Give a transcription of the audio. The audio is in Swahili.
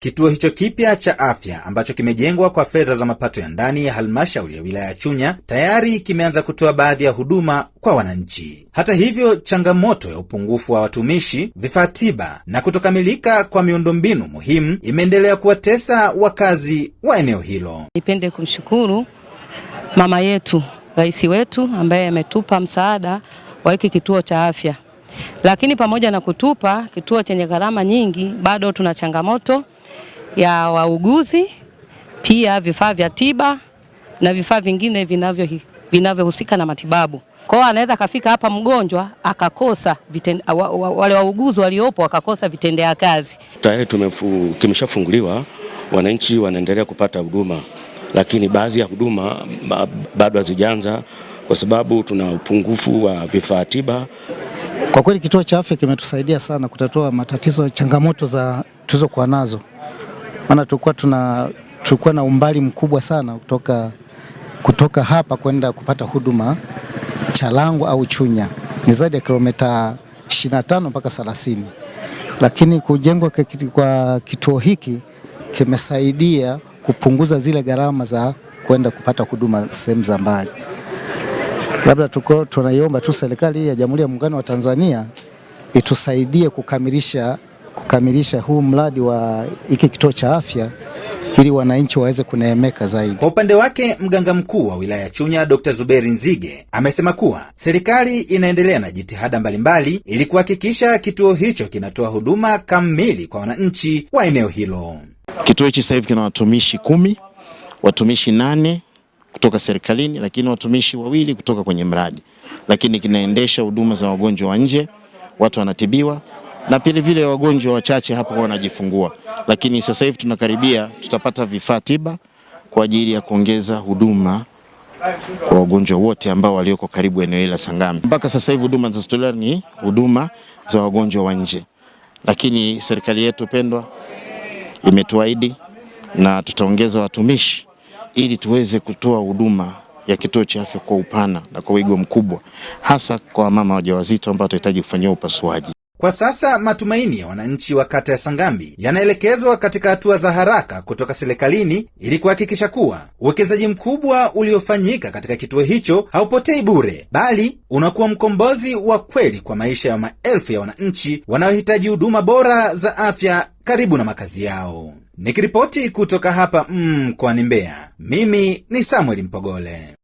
Kituo hicho kipya cha afya ambacho kimejengwa kwa fedha za mapato ya ndani ya halmashauri ya wilaya ya Chunya tayari kimeanza kutoa baadhi ya huduma kwa wananchi. Hata hivyo, changamoto ya upungufu wa watumishi, vifaa tiba na kutokamilika kwa miundombinu muhimu imeendelea kuwatesa wakazi wa eneo hilo. Nipende kumshukuru mama yetu, rais wetu ambaye ametupa msaada wa hiki kituo cha afya, lakini pamoja na kutupa kituo chenye gharama nyingi, bado tuna changamoto ya wauguzi, pia vifaa vya tiba na vifaa vingine vinavyo vinavyohusika na matibabu. Kwa hiyo anaweza akafika hapa mgonjwa akakosa vitende, wale wauguzi waliopo wakakosa vitendea kazi. Tayari kimeshafunguliwa, wananchi wanaendelea kupata huduma, lakini baadhi ya huduma bado hazijaanza kwa sababu tuna upungufu wa vifaa tiba. Kwa kweli kituo cha afya kimetusaidia sana kutatua matatizo, changamoto za tulizokuwa nazo maana tulikuwa tuna tulikuwa na umbali mkubwa sana kutoka, kutoka hapa kwenda kupata huduma Chalangu au Chunya ni zaidi ya kilomita 25 mpaka 30, lakini kujengwa kwa kituo hiki kimesaidia kupunguza zile gharama za kwenda kupata huduma sehemu za mbali. Labda tuko tunaiomba tu serikali ya Jamhuri ya Muungano wa Tanzania itusaidie kukamilisha kukamilisha huu mradi wa hiki kituo cha afya ili wananchi waweze kuneemeka zaidi. Kwa upande wake, mganga mkuu wa wilaya Chunya Dr. Zuberi Nzige amesema kuwa serikali inaendelea na jitihada mbalimbali ili kuhakikisha kituo hicho kinatoa huduma kamili kwa wananchi wa eneo hilo. Kituo hichi sasa hivi kina watumishi kumi, watumishi nane kutoka serikalini, lakini watumishi wawili kutoka kwenye mradi, lakini kinaendesha huduma za wagonjwa wa nje, watu wanatibiwa na vile vile wagonjwa wachache hapo wanajifungua, lakini sasa hivi tunakaribia, tutapata vifaa tiba kwa ajili ya kuongeza huduma kwa wagonjwa wote ambao walioko karibu eneo hili la Sangambi. Mpaka sasa hivi huduma zinazotolewa ni huduma za wagonjwa wa nje, lakini serikali yetu pendwa imetuahidi na tutaongeza watumishi ili tuweze kutoa huduma ya kituo cha afya kwa upana na kwa wigo mkubwa, hasa kwa mama wajawazito ambao watahitaji kufanyiwa upasuaji. Kwa sasa matumaini ya wananchi wa kata ya Sangambi yanaelekezwa katika hatua za haraka kutoka serikalini ili kuhakikisha kuwa uwekezaji mkubwa uliofanyika katika kituo hicho haupotei bure, bali unakuwa mkombozi wa kweli kwa maisha ya maelfu ya wananchi wanaohitaji huduma bora za afya karibu na makazi yao. Nikiripoti kutoka hapa mkoani mm, Mbeya, mimi ni Samuel Mpogole.